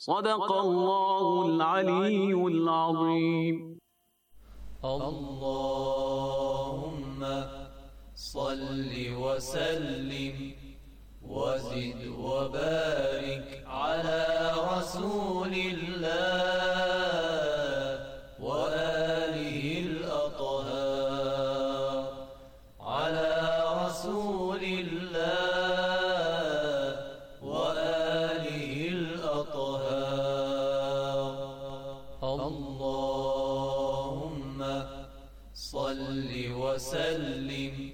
صدق الله العلي العظيم اللهم صل وسلم وزد وبارك على رسول الله وآله الأطهار على رسول الله وآله الأطهار وسلم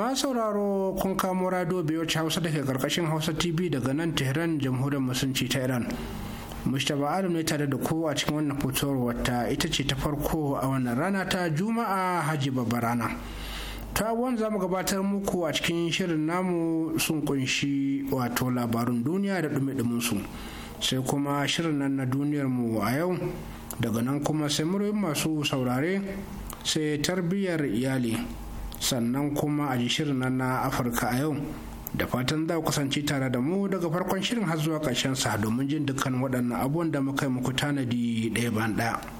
ma sauraro kun kamo rado biyoci hausa da ke karkashin hausa tv daga nan tehran jamhuriyar musulunci ta iran mustapha adam ne tare da ko a cikin wannan fitowar wata ita ce ta farko a wannan rana ta juma'a haji Babbarana. rana ta abubuwan za mu gabatar muku a cikin shirin namu sun kunshi wato labarun duniya da dumi su sai kuma shirin nan na duniyar mu a yau daga nan kuma sai masu saurare sai tarbiyyar iyali sannan kuma a ji shirin nan na afirka a yau da fatan za kusance tare da mu daga farkon shirin har zuwa ƙarshen sa domin jin dukkan waɗannan abubuwan da muka yi muku tanadi ɗaya ban ɗaya.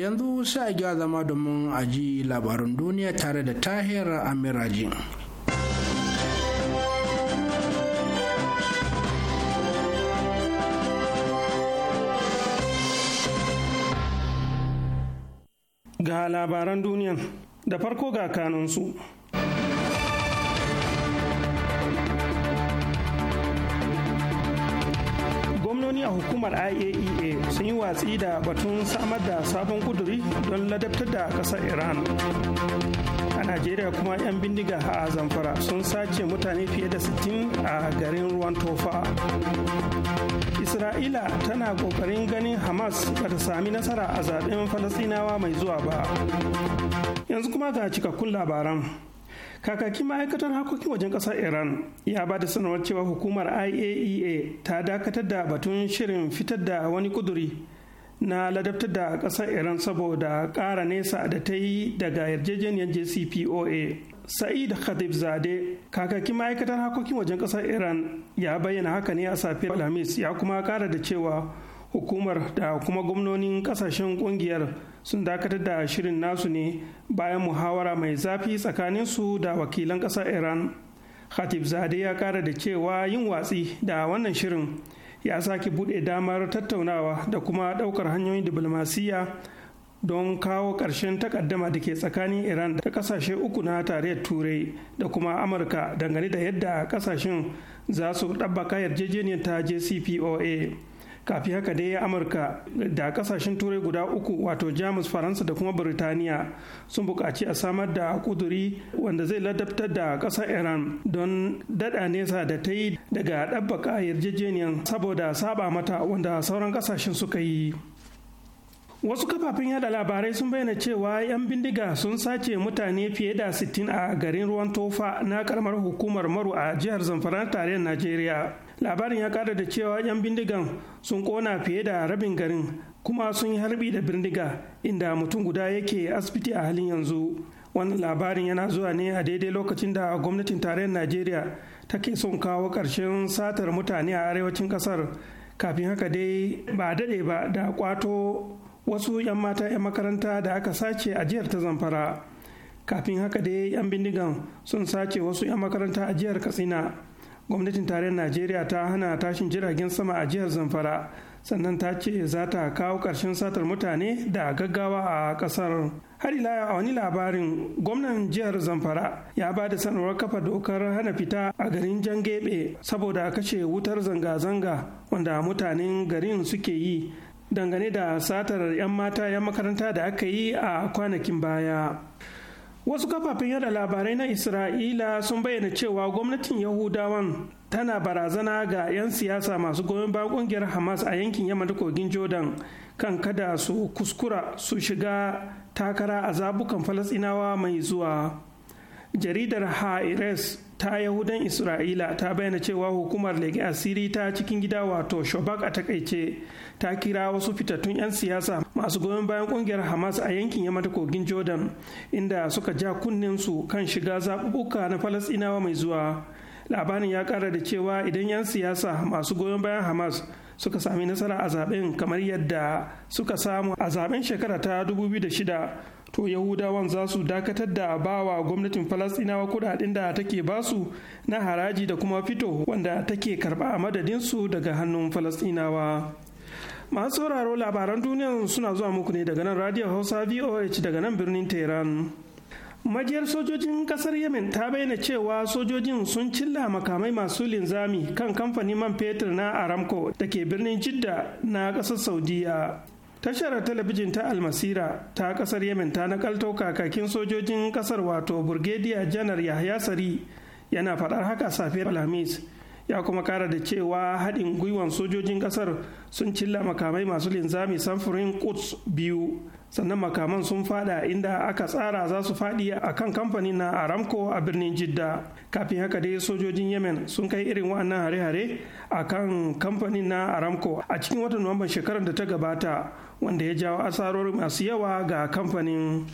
yanzu sai a gyara zama domin a ji labarin duniya tare da tahir amiraji ga labaran duniyan da farko ga kanunsu. hukumar iaea e sun yi watsi da batun samar da sabon kuduri don ladabtar da ƙasar iran a najeriya kuma 'yan bindiga a zamfara sun sace mutane fiye da 60 a garin ruwan tofa isra'ila tana kokarin ganin hamas bata sami nasara a zaɓen falasinawa mai zuwa ba yanzu kuma ga cikakkun labaran kakakin ma'aikatar harkokin wajen kasar iran ya ba da sanarwar cewa hukumar iaea e ta dakatar da batun shirin fitar da wani kuduri na ladabtar da kasar iran saboda ƙara nesa da ta yi daga yarjejeniyar jcpoa sa'id khatib zade kakakin ma'aikatar harkokin wajen kasar iran ya bayyana haka ne a safiyar alhamis ya kuma ƙara da cewa hukumar da kuma gwamnonin kasashen kungiyar sun dakatar da shirin nasu ne bayan muhawara mai zafi tsakaninsu da wakilan ƙasar iran khatib zade ya ƙara da cewa yin watsi da wannan shirin ya sake buɗe damar tattaunawa da kuma ɗaukar hanyoyin diplomasiyya don kawo ƙarshen takaddama da ke tsakanin iran da ƙasashe uku na tarayyar turai da kuma amurka dangane da yadda ƙasashen za su ɗabbaka yarjejeniyar ta jcpoa kafin haka dai amurka da kasashen turai guda uku wato jamus faransa da kuma birtaniya sun buƙaci a samar da kuduri wanda zai ladabtar da ƙasar iran don dada nesa da ta yi daga ɗabbaka yarjejeniyar saboda saba mata wanda sauran ƙasashen suka yi wasu kafafen yada labarai sun bayyana cewa 'yan bindiga sun sace mutane fiye da 60 a garin ruwan tofa na karamar hukumar maru a jihar zamfara tarayyar najeriya labarin ya kara da cewa 'yan bindigan sun kona fiye da rabin garin kuma sun yi harbi da bindiga inda mutum guda yake asibiti a halin yanzu wannan labarin yana zuwa ne a daidai lokacin da gwamnatin tarayyar najeriya take son kawo ƙarshen satar mutane a arewacin ƙasar kafin haka dai ba daɗe ba da kwato wasu 'yan mata 'yan makaranta da aka sace a jihar ta zamfara kafin haka dai 'yan bindigan sun sace wasu 'yan makaranta a jihar katsina gwamnatin tarayyar najeriya ta hana tashin jiragen sama a jihar zamfara sannan ta ce za ta kawo ƙarshen satar mutane da gaggawa a ƙasar har ila a wani labarin gwamnan jihar zamfara ya ba da sanarwar kafa dokar hana fita a garin jangebe saboda kashe wutar zanga-zanga wanda mutanen garin suke yi dangane da satar 'yan mata 'yan makaranta da aka yi a kwanakin baya wasu kafafen yada labarai na isra'ila sun bayyana cewa gwamnatin yahudawan tana barazana ga 'yan siyasa masu goyon bayan kungiyar hamas a yankin yamma da kogin jordan kan kada su kuskura su shiga takara a zabukan falasinawa mai zuwa jaridar ha'ires ta yahudan isra'ila ta bayyana cewa hukumar lege asiri ta cikin gida wato shobak a takaice ta kira wasu fitattun 'yan siyasa masu goyon bayan kungiyar hamas a yankin yamata ta kogin jordan inda suka ja kunninsu kan shiga zaɓuɓɓuka na falasɗinawa mai zuwa labarin ya kara da cewa idan 'yan siyasa masu goyon bayan hamas suka sami nasara a zaben kamar yadda suka samu a zaben shekara ta 2006 to yahudawan za su dakatar da bawa gwamnatin falasinawa kudaden da take basu na haraji da kuma fito wanda take karɓa a madadinsu daga hannun falasinawa masu sauraro labaran duniya suna zuwa muku ne daga nan radio hausa voh daga nan birnin tehran majiyar sojojin kasar yemen ta bayyana cewa sojojin sun cilla makamai masu linzami kan kamfanin man fetur na aramco da ke birnin jidda na ƙasar saudiya tashar talabijin ta almasira ta kasar yemen ta nakalto kakakin sojojin kasar wato burgediya janar yahya sari yana faɗar haka safiyar alhamis ya kuma kara da cewa haɗin gwiwan sojojin ƙasar sun cilla makamai masu linzami samfurin quds biyu sannan makaman sun fada inda aka tsara za su faɗi a kan kamfanin na aramco a birnin jidda kafin haka dai sojojin yemen sun kai irin wa'annan hare-hare a kan kamfanin na aramco a cikin watan nuwamban shekarar da ta gabata wanda ya jawo asarori masu yawa ga kamfanin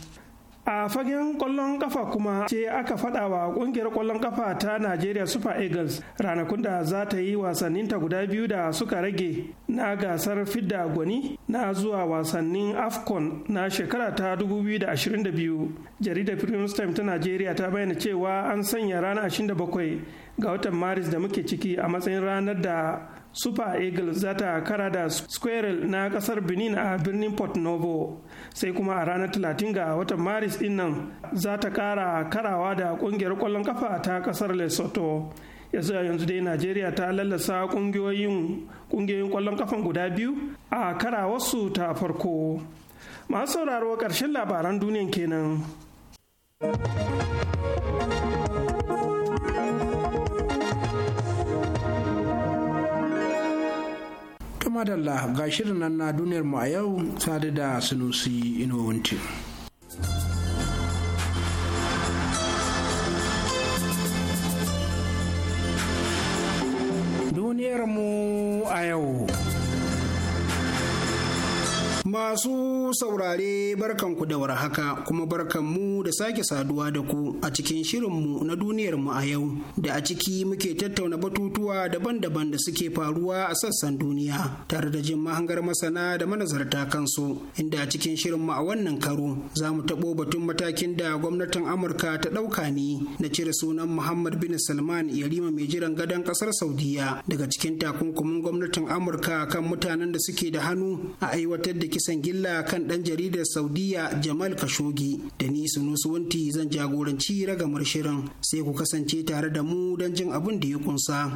a fagen kwallon kafa kuma ce aka faɗawa wa ƙungiyar kwallon kafa ta najeriya super eagles ranakun da za ta yi wasannin ta guda biyu da suka rage na gasar fidda gwani na zuwa wasannin afcon na shekara ta 2022 jaridar premium time ta najeriya ta bayyana cewa an sanya ranar 27 ga watan maris da muke ciki a matsayin ranar da super eagles za ta kara da squirrel na kasar benin a birnin port novo sai kuma a ranar talatin ga watan maris dinnan za ta kara karawa da kungiyar kwallon kafa ta kasar lesotho ya zuwa yanzu dai najeriya ta lallasa kungiyoyin kwallon kafan guda biyu a karawarsu ta farko masu sauraro ƙarshen labaran duniyan kenan. madalla ga shirin nan na duniyar mu a yau sadu da sunusi inuwanti. duniyar mu a yau Masu saurare barkanku da warhaka kuma barkanmu da sake saduwa da ku a cikin shirin mu na duniyarmu a yau da a ciki muke tattauna batutuwa daban-daban da suke faruwa a sassan duniya tare da jin mahangar masana da manazarta kansu inda a cikin mu a wannan karo za mu taɓo batun matakin da gwamnatin Amurka ta ɗauka ne na cire sunan Muhammad bin Salman Yarima mai jiran gadon ƙasar Saudiya daga cikin takunkumin gwamnatin Amurka kan mutanen da suke da hannu a aiwatar da kisan gilla kan ɗan jaridar Saudiya Jamal kashogi Da ni Sunusuwanti zan jagoranci ragamar shirin sai ku kasance tare da mu don jin abin da ya kunsa.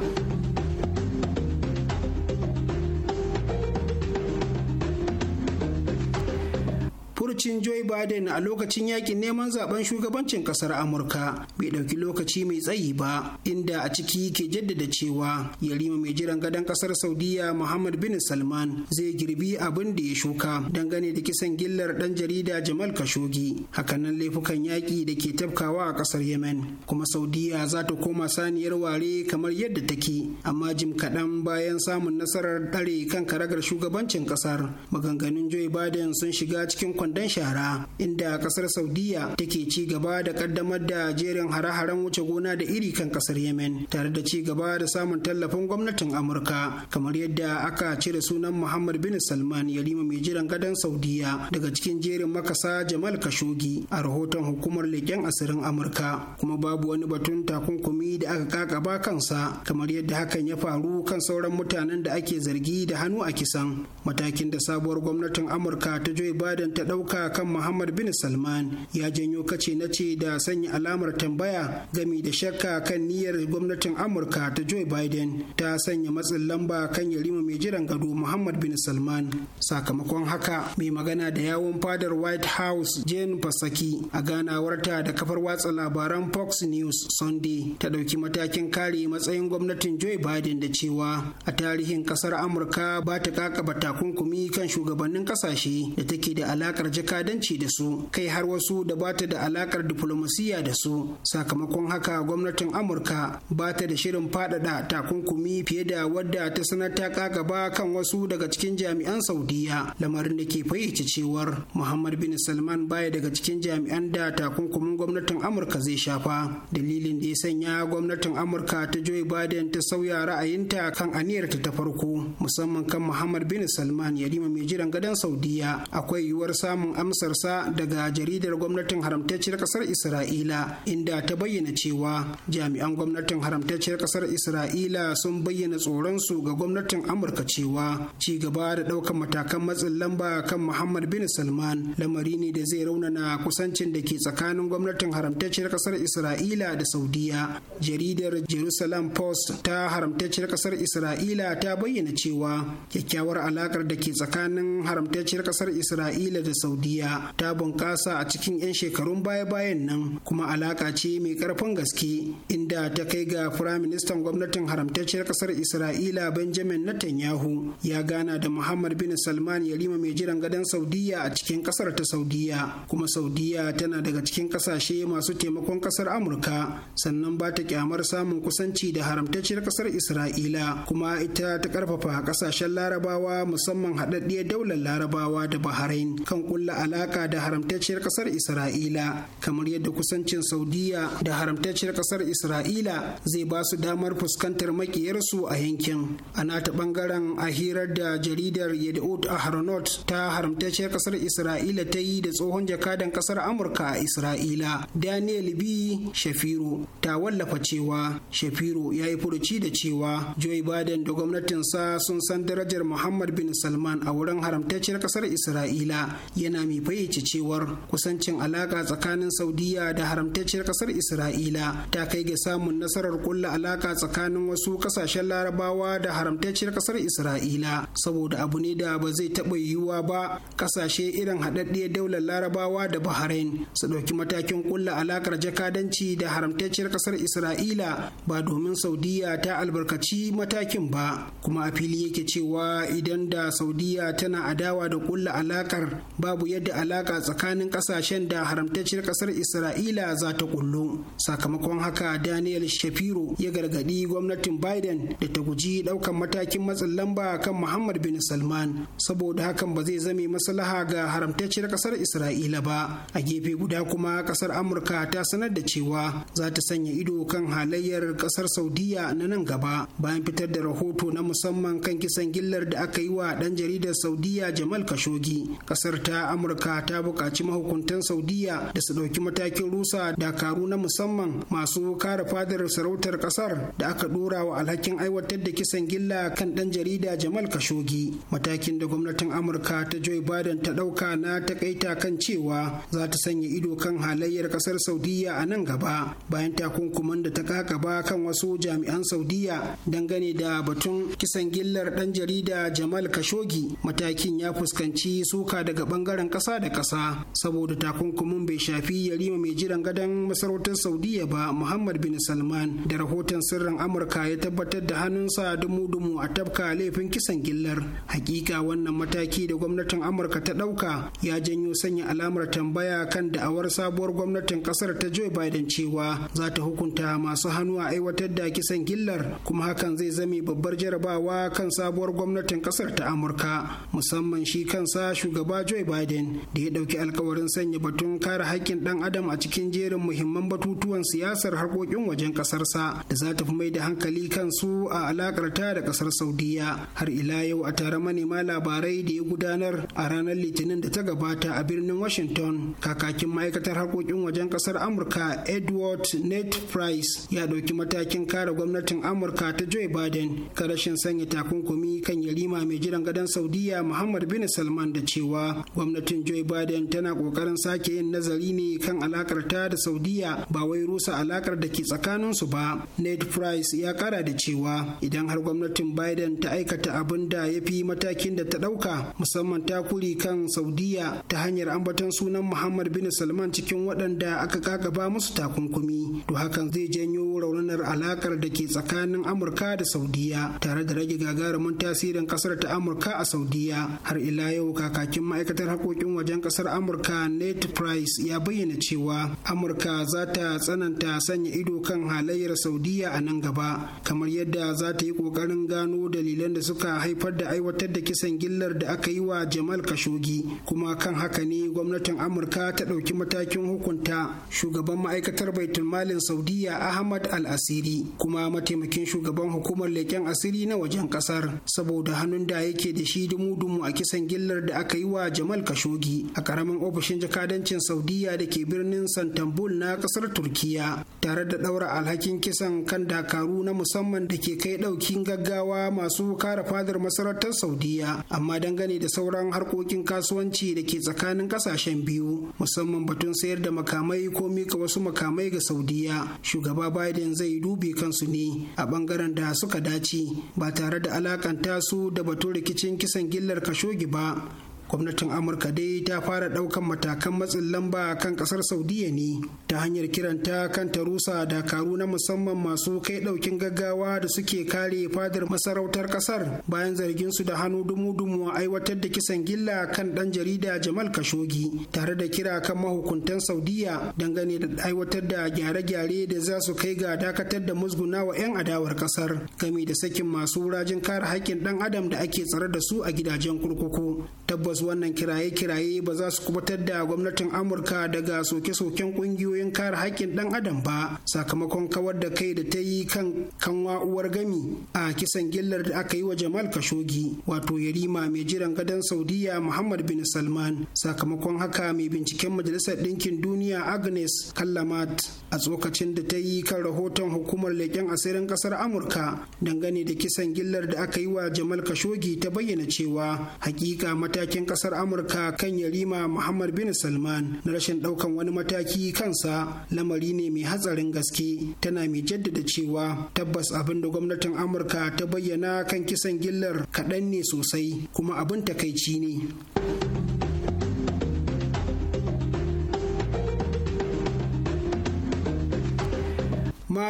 shugabancin Joe Biden a lokacin yakin neman zaben shugabancin kasar Amurka bai ɗauki lokaci mai tsayi ba inda a ciki ke jaddada cewa yarima mai jiran gadon kasar Saudiya Muhammad bin Salman zai girbi abin da ya shuka dangane da kisan gillar dan jarida Jamal Khashoggi hakanan laifukan yaƙi da ke tabkawa a kasar Yemen kuma Saudiya za ta koma saniyar ware kamar yadda take amma jim kaɗan bayan samun nasarar dare kan karagar shugabancin kasar maganganun Joe Biden sun shiga cikin kwandon shara inda kasar saudiya take ci gaba da kaddamar da jerin hare-haren wuce gona da iri kan kasar yemen tare da ci gaba da samun tallafin gwamnatin amurka kamar yadda aka cire sunan muhammad bin salman yarima mai jiran gadon saudiya daga cikin jerin makasa jamal kashogi a rahoton hukumar leƙen asirin amurka kuma babu wani batun takunkumi da aka kakaba kansa kamar yadda hakan ya faru kan sauran mutanen da ake zargi da hannu a kisan matakin da sabuwar gwamnatin amurka ta joe biden ta ɗauka tambaya kan Muhammad bin Salman ya janyo kace na ce da sanya alamar tambaya gami da shakka kan niyyar gwamnatin Amurka ta Joe Biden ta sanya matsin lamba kan yarima mai jiran gado Muhammad bin Salman. Sakamakon haka mai magana da yawun fadar White House Jane Psaki a ganawarta da kafar watsa labaran Fox News Sunday ta ɗauki matakin kare matsayin gwamnatin Joe Biden da cewa a tarihin ƙasar Amurka ba ta kakaba takunkumi kan shugabannin ƙasashe da take da alakar jaka jakadanci da su kai har wasu da ba ta da alakar diflomasiyya da su sakamakon haka gwamnatin amurka ba ta da shirin faɗaɗa takunkumi fiye da wadda ta sanar ta gaba kan wasu daga cikin jami'an saudiya lamarin da ke fayyace cewar muhammad bin salman baya daga cikin jami'an da takunkumin gwamnatin amurka zai shafa dalilin da ya sanya gwamnatin amurka ta joe biden ta sauya ra'ayinta kan aniyarta ta farko musamman kan muhammad bin salman yarima mai jiran gadon saudiya akwai yiwuwar samun amsarsa daga jaridar gwamnatin haramtacciyar kasar isra'ila inda ta bayyana cewa jami'an gwamnatin haramtacciyar kasar isra'ila sun bayyana tsoronsu ga gwamnatin amurka cewa ci gaba da ɗaukar matakan matsin lamba kan muhammad bin salman lamari ne da zai raunana kusancin da ke tsakanin gwamnatin haramtacciyar kasar isra'ila da saudiya jaridar jerusalem post ta haramtacciyar kasar isra'ila ta bayyana cewa kyakkyawar alakar da ke tsakanin haramtacciyar kasar isra'ila da saudiya saudiya ta bunƙasa a cikin 'yan shekarun baya-bayan nan kuma alaƙa ce mai ƙarfin gaske inda ta kai ga firaministan gwamnatin haramtacciyar ƙasar isra'ila benjamin netanyahu ya gana da muhammad bin salman yarima mai jiran gadon saudiya a cikin ƙasar ta saudiya kuma saudiya tana daga cikin ƙasashe masu taimakon ƙasar amurka sannan ba ta kyamar samun kusanci da haramtacciyar ƙasar isra'ila kuma ita ta ƙarfafa ƙasashen larabawa musamman haɗaɗɗiyar daular larabawa da bahrain kan ƙulla da alaka da haramtacciyar kasar isra'ila kamar yadda kusancin saudiya da haramtacciyar kasar isra'ila zai ba su damar fuskantar makiyarsu a yankin a nata bangaren a hirar da jaridar yadot ahronot ta haramtacciyar kasar isra'ila ta yi da tsohon jakadan kasar amurka a isra'ila daniel b shafiru ta wallafa cewa shafiru ya yi furuci da cewa joe biden da gwamnatinsa sun san darajar muhammad bin salman a wurin haramtacciyar kasar isra'ila yana yana mai fayyace cewar kusancin alaka tsakanin saudiya da haramtacciyar kasar isra'ila ta kai ga samun nasarar kulla alaka tsakanin wasu kasashen larabawa da haramtacciyar kasar isra'ila saboda abu ne da ba zai taɓa yiwuwa ba kasashe irin haɗaɗɗiyar daular larabawa da bahrain su ɗauki matakin kulla alakar jakadanci da haramtacciyar kasar isra'ila ba domin saudiya ta albarkaci matakin ba kuma a fili yake cewa idan da saudiya tana adawa da kulla alakar babu yadda alaka tsakanin kasashen da haramtacciyar kasar isra'ila za ta kullu sakamakon haka daniel shapiro ya gargadi gwamnatin biden da ta guji daukan matakin matsin lamba kan muhammad bin salman saboda hakan ba zai zame maslaha ga haramtacciyar kasar isra'ila ba a gefe guda kuma kasar amurka ta sanar da cewa za ta sanya ido kan halayyar kasar saudiya na nan gaba bayan fitar da rahoto na musamman kan kisan gillar da aka yi wa dan jaridar saudiya jamal kashogi kasar ta amurka ta buƙaci mahukuntan saudiya da su ɗauki matakin rusa dakaru na musamman masu kare fadar sarautar ƙasar da aka ɗora wa alhakin aiwatar da kisan gilla kan ɗan jarida jamal kashogi matakin da gwamnatin amurka ta joe biden ta ɗauka na takaita kan cewa za ta sanya ido kan halayyar ƙasar saudiya a nan gaba bayan takunkuman da ta kakaba kan wasu jami'an saudiya dangane da batun kisan gillar ɗan jarida jamal kashogi matakin ya fuskanci suka daga ɓangaren Kasa da kasa saboda takunkumin bai shafi yarima mai jiran gadon masarautar saudiya ba muhammad bin salman da rahoton sirrin amurka ya tabbatar da hannunsa dumu-dumu a tabka laifin kisan gillar hakika wannan mataki da gwamnatin amurka ta ɗauka ya janyo sanya alamar tambaya kan da'awar sabuwar gwamnatin ƙasar ta joe biden cewa za ta hukunta masu hannu a aiwatar da kisan gillar kuma hakan zai zame babbar jarabawa kan sabuwar gwamnatin ƙasar ta amurka musamman shi kansa shugaba joe biden yemen da ya ɗauki alkawarin sanya batun kare haƙƙin ɗan adam a cikin jerin muhimman batutuwan siyasar harkokin wajen ƙasarsa da za ta fi mai da hankali kan su a alaƙar ta da ƙasar saudiya har ila yau a tare manema labarai da ya gudanar a ranar litinin da ta gabata a birnin washington kakakin ma'aikatar harkokin wajen ƙasar amurka edward ned price ya ɗauki matakin kare gwamnatin amurka ta joe biden ka rashin sanya takunkumi kan yarima mai jiran gadon saudiya muhammad bin salman da cewa gwamnatin gwamnatin joe biden tana kokarin sake yin nazari ne kan alakar ta da saudiya ba wai rusa alakar da ke tsakanin su ba ned price ya kara da cewa idan har gwamnatin biden ta aikata abin da ya fi matakin da ta ɗauka musamman ta takuri kan saudiya ta hanyar ambaton sunan muhammad bin salman cikin waɗanda aka kakaba musu takunkumi to hakan zai janyo raunanar alakar da ke tsakanin amurka da saudiya tare da rage gagarumin tasirin ƙasar ta amurka a saudiya har ila yau kakakin ma'aikatar harkokin harkokin wajen kasar amurka net price ya bayyana cewa amurka za ta tsananta sanya ido kan halayyar saudiya a nan gaba kamar yadda za ta yi kokarin gano dalilan da suka haifar da aiwatar da kisan gillar da aka yi wa jamal kashogi kuma kan haka ne gwamnatin amurka ta ɗauki matakin hukunta shugaban ma'aikatar baitulmalin saudiya ahmad al-asiri kuma mataimakin shugaban hukumar leken asiri na wajen kasar saboda hannun da yake da shi dumu-dumu a kisan gillar da aka yi wa jamal kashogi Khashoggi a karamin ofishin jakadancin Saudiya da ke birnin Santambul na kasar Turkiya tare da daura alhakin kisan kan dakaru na musamman da ke kai daukin gaggawa masu kare fadar masarautar Saudiya amma dangane da sauran harkokin kasuwanci da ke tsakanin kasashen biyu musamman batun sayar da makamai ko mika wasu makamai ga Saudiya shugaba Biden zai dubi kansu ne a bangaren da suka dace ba tare da alakanta su da batun rikicin kisan gillar Khashoggi ba gwamnatin amurka dai ta fara ɗaukan matakan matsin lamba kan ƙasar saudiya ne ta hanyar kiranta kan ta rusa dakaru na musamman masu kai ɗaukin gaggawa da suke kare fadar masarautar ƙasar bayan zargin su da hannu dumu-dumu a aiwatar da kisan gilla kan ɗan jarida jamal kashogi tare da kira kan mahukuntan saudiya dangane da aiwatar da gyare-gyare da za su kai ga dakatar da musguna wa 'yan adawar ƙasar game da sakin masu rajin kare haƙƙin ɗan adam da ake tsare da su a gidajen kurkuku tabbas wannan kiraye-kiraye ba za su kubutar da gwamnatin amurka daga soke-soken kungiyoyin kare haƙƙin ɗan adam ba sakamakon kawar da kai da ta yi kan kanwa uwar gami a kisan gillar da aka yi wa jamal kashogi wato yarima mai jiran gadon saudiya muhammad bin salman sakamakon haka mai binciken majalisar ɗinkin duniya agnes kallamat a tsokacin da ta yi kan rahoton hukumar leƙen asirin ƙasar amurka dangane da kisan gillar da aka yi wa jamal kashogi ta bayyana cewa hakika matakin kasar amurka kan yarima muhammad bin salman na rashin daukan wani mataki kansa lamari ne mai hatsarin gaske tana mai jaddada cewa tabbas abin da gwamnatin amurka ta bayyana kan kisan gillar kaɗan ne sosai kuma abin takaici ne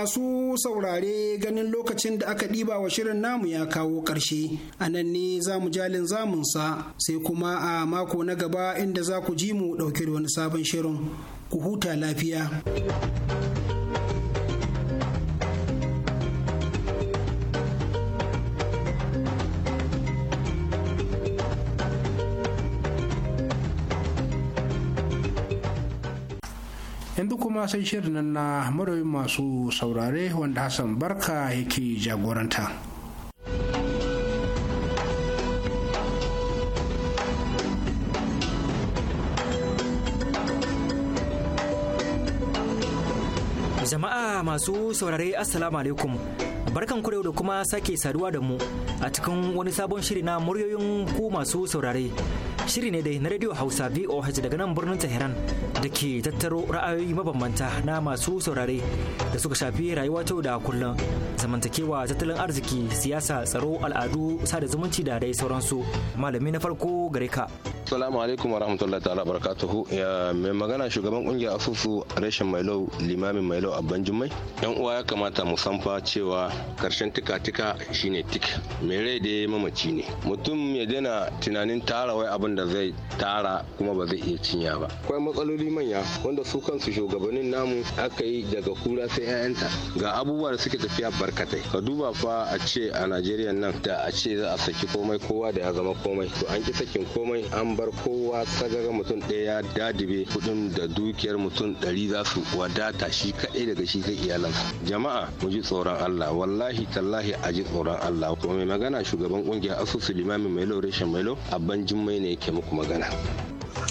masu saurare ganin lokacin da aka ɗiba wa shirin namu ya kawo ƙarshe a nan ne za mu jalin zamunsa sai kuma a mako na gaba inda za ku ji mu ɗauke da wani sabon shirin ku huta lafiya. kuma sai shirin nan na murayin masu saurare wanda Hassan Barka yake jagoranta. Jama'a masu saurare Assalamu alaikum. Barkan ku da kuma sake saduwa da mu a cikin wani sabon shiri na muryoyin ku masu saurare. Shiri ne dai na Radio Hausa VOH daga nan birnin Tehran da ke tattaro ra'ayoyi mabambanta na masu saurare da suka shafi rayuwa ta da kullum zamantakewa tattalin arziki siyasa tsaro al'adu sada zumunci da dai sauransu. Malami na farko gare ka. Assalamu alaikum wa rahmatullahi ta'ala barakatuhu ya mai magana shugaban kungiyar asusu reshen mailo limamin mailo abban jummai yan uwa ya kamata mu san fa cewa karshen tika tika shine tik mai rai da mamaci ne mutum ya daina tunanin tara wai abin wanda zai tara kuma ba zai iya cinya ba akwai matsaloli manya wanda su kansu shugabannin namu aka yi daga kura sai 'ya'yanta ga abubuwa da suke tafiya barkatai ka duba fa a ce a najeriya nan da a ce za a saki komai kowa da ya zama komai to an ki sakin komai an bar kowa sagaga mutum ɗaya dadibe kudin da dukiyar mutum ɗari za su wadata shi kaɗai daga shi sai iyalansa jama'a mu ji tsoron allah wallahi tallahi a ji tsoron allah kuma mai magana shugaban kungiyar asusu limamin mailo reshen mailo abban jimmai ne ke muku magana.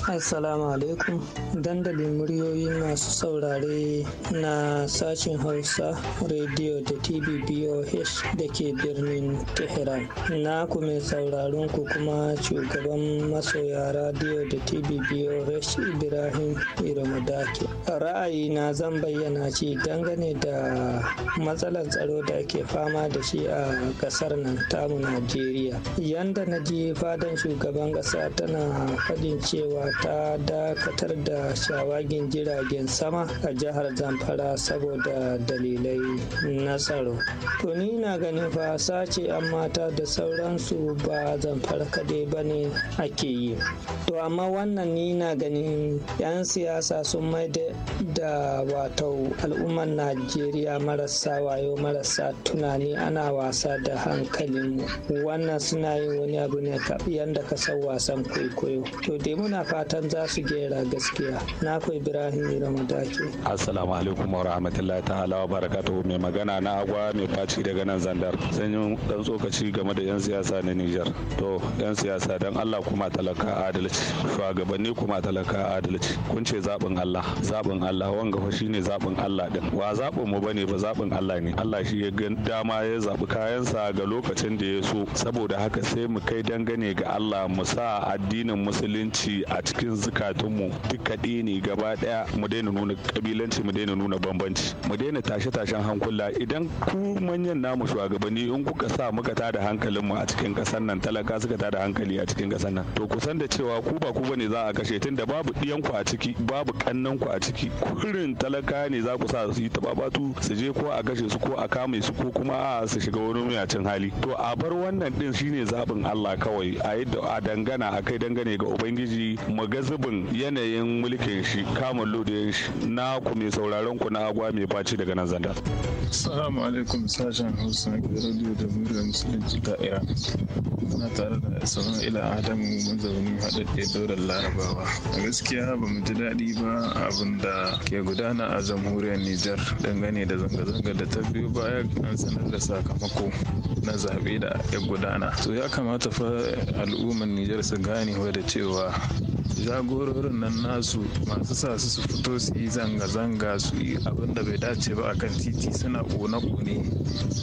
Assalamu alaikum dandalin muryoyi masu saurare na sashen Hausa Radio da TV BOH da ke birnin Tehran. Na mai sauraron ku kuma shugaban masoya Radio da TV BOH Ibrahim Iramudake. Ra'ayi na zan bayyana shi dangane da matsalar tsaro da ake fama da shi a kasar nan tamu Najeriya. Yanda na ji fadan shugaban ƙasa tana faɗin cewa ta dakatar da shawagin jiragen sama a jihar zamfara saboda dalilai na tsaro to ni na ganin fa sace an mata da sauransu ba zamfara kadai ba ne ake yi to amma wannan ni na ganin 'yan siyasa sun mai da wato al'ummar najeriya marasa wayo marasa tunani ana wasa da hankalin wannan suna yin wani abu ne yadda ka san wasan kwaikwayo to dai muna fata fatan za su gera gaskiya na ku ibrahim ramadaki assalamu alaikum wa rahmatullahi ta'ala wa barakatuhu mai magana na agwa mai faci daga nan zandar zan yi dan tsokaci game da yan siyasa na niger to yan siyasa dan allah kuma talaka adalci shugabanni kuma talaka adalci kun ce zaɓin allah zaɓin allah wanga fa shine zaɓin allah din wa zaɓin mu bane ba zaɓin allah ne allah shi ya ga dama ya zaɓi kayansa ga lokacin da ya so saboda haka sai mu kai dangane ga allah mu sa addinin musulunci a cikin zukatunmu duka ɗaya ne gaba ɗaya mu daina nuna kabilanci mu daina nuna bambanci mu daina tashe-tashen hankula idan ku manyan namu shugabanni in kuka sa muka tada hankalinmu a cikin ƙasar nan talaka suka tada hankali a cikin ƙasar nan to kusan da cewa ku ba ku bane za a kashe tun da babu ɗiyanku a ciki babu ƙannanku a ciki kurin talaka ne za ku sa su yi tababatu su je ko a kashe su ko a kame su ko kuma a su shiga wani muyacin hali to a bar wannan din shine zaɓin Allah kawai a yadda a dangana a kai dangane ga ubangiji magazibin yanayin mulkin shi kama ludiyan shi na ku mai sauraron ku na agwa mai faci daga nan zanda. Assalamu alaikum sashen Hausa ga radio da muryar musulunci ta Iran. na tare da sauran ila zaune mazaunin ke daular Larabawa. A gaskiya ba mu ji daɗi ba abin da ke gudana a jamhuriyar Nijar dangane da zanga-zanga da ta biyo baya an sanar da sakamako na zaɓe da ya gudana. To ya kamata fa al'ummar Nijar su gane da cewa jagororin nan nasu masu sa su su fito su yi zanga-zanga su yi abin da bai dace ba akan titi suna kone-kone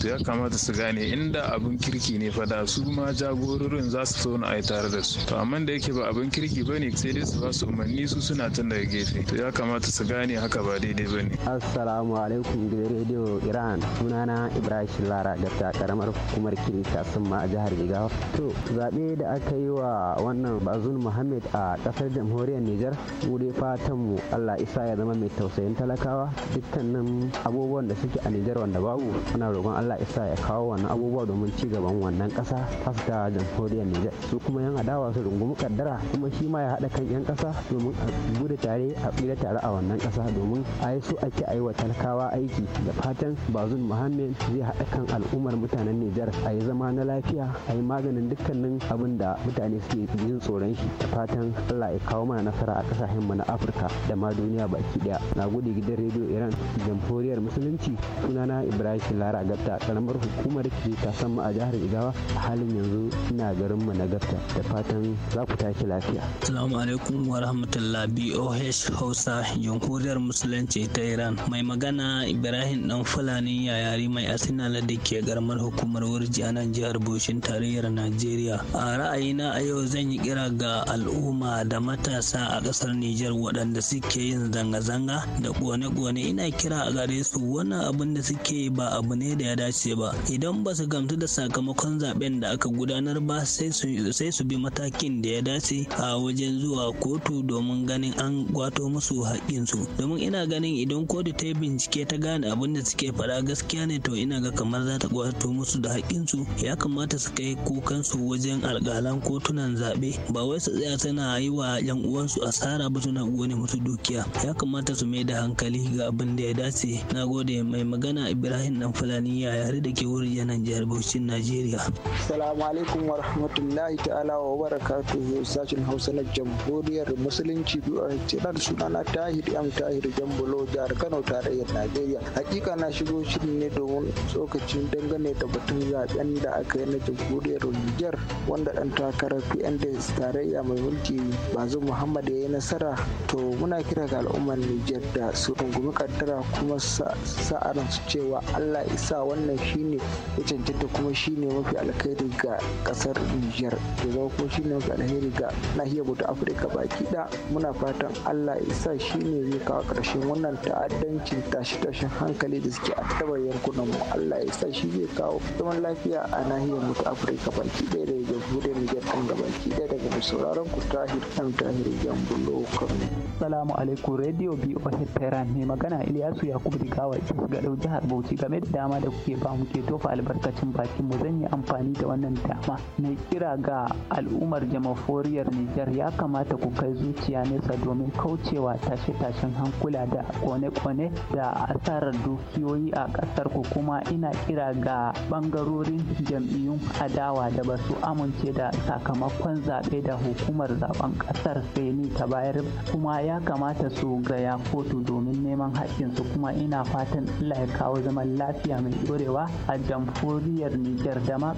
to ya kamata su gane inda abin kirki ne fada su ma jagororin za su zauna a yi tare da su to amma da yake ba abin kirki ba ne sai dai su ba su umarni su suna tun daga gefe to ya kamata su gane haka ba daidai ba ne assalamu alaikum da rediyo iran sunana ibrahim lara da karamar hukumar kirista sun a jihar jigawa to zaɓe da aka yi wa wannan bazul muhammad a ƙasar jamhuriyar Nijar wuri fatan mu Allah isa ya zama mai tausayin talakawa dukkanin abubuwan da suke a Nijar wanda babu muna roƙon Allah isa ya kawo wannan abubuwa domin ci gaban wannan ƙasa ta jamhuriyar Nijar su kuma yan adawa su rungumi kaddara kuma shi ma ya haɗa kan yan ƙasa domin a gudu tare a tsira tare a wannan ƙasa domin a yi su ake a yi wa talakawa aiki da fatan bazun muhammed zai haɗa kan al'ummar mutanen Nijar a yi zama na lafiya a yi maganin dukkanin abin da mutane suke yin tsoron shi da fatan Allah ya kawo mana nasara a kasashen mu na Afirka da ma duniya baki daya na gode gidan rediyo Iran jamhuriyar musulunci sunana Ibrahim Lara Gafta karamar hukumar ke ta mu a jihar Igawa a halin yanzu ina garin mu na Gafta da fatan za ku tashi lafiya Assalamu alaikum wa rahmatullah BOH Hausa jamhuriyar musulunci ta Iran mai magana Ibrahim dan Fulani yari mai asinala da ke garmar hukumar Wurji a nan jihar Bauchi tarayyar Najeriya a ra'ayina a yau zan yi kira ga al'umma da matasa a ƙasar Nijar waɗanda suke yin zanga-zanga da ƙone-ƙone ina kira a gare su wannan abin da suke yi ba abu ne da ya dace ba idan ba su gamsu da sakamakon zaɓen da aka gudanar ba sai su bi matakin da ya dace a wajen zuwa kotu domin ganin an gwato musu haƙƙinsu domin ina ganin idan kotu ta yi bincike ta gane abin da suke faɗa gaskiya ne to ina ga kamar za ta gwato musu da haƙƙinsu ya kamata su kai kukansu wajen alƙalan kotunan zaɓe ba wai su tsaya suna yi wa yan uwansu asara ba suna gone musu dukiya ya kamata su mai da hankali ga abin da ya dace na gode mai magana ibrahim dan fulani ya yare da ke wurin yanan jihar bauchin najeriya salamu alaikum wa rahmatullahi ta'ala wa barakatuhu sashen hausa na jamhuriyar musulunci biyar suna na tahir yan tahir jambulo jihar kano tarayyar najeriya hakika na shigo shirin ne domin tsokacin dangane da batun zaben da aka yi na jamhuriyar niger wanda dan takarar pnds tarayya mai mulki bazum muhammad ya yi nasara to muna kira ga al'ummar nijar da su rungumi kaddara kuma sa'aran su cewa allah isa wannan shine ya cancanta kuma shine mafi alkhairi ga kasar nijar da zama kuma shine mafi alkhairi ga nahiyar bude afirka baki da muna fatan allah isa shine zai kawo karshen wannan ta'addancin tashi-tashin hankali da suke tabar yankunan mu allah isa shi zai kawo zaman lafiya a nahiyar bude afirka baki daya da jamhuriyar nijar kan gabaki daya daga mu sauraron ku tahir Adam Salamu alaikum Radio BOH Tehran mai magana Ilyasu Yakubu Digawa ke gadau jihar Bauchi game da dama da kuke ba mu ke tofa albarkacin bakin mu zan yi amfani da wannan dama na kira ga al'ummar jamaforiyar Nijar ya kamata ku kai zuciya nesa domin kaucewa tashe-tashen hankula da kone-kone da asarar dukiyoyi a ƙasar ku kuma ina kira ga ɓangarorin jam'iyyun adawa da ba su amince da sakamakon zaɓe da hukumar zaben kasar Benin ta bayar kuma ya kamata su gaya kotu domin neman haƙƙinsu kuma ina fatan Allah ya kawo zaman lafiya mai dorewa a jamhuriyar Nijar da ma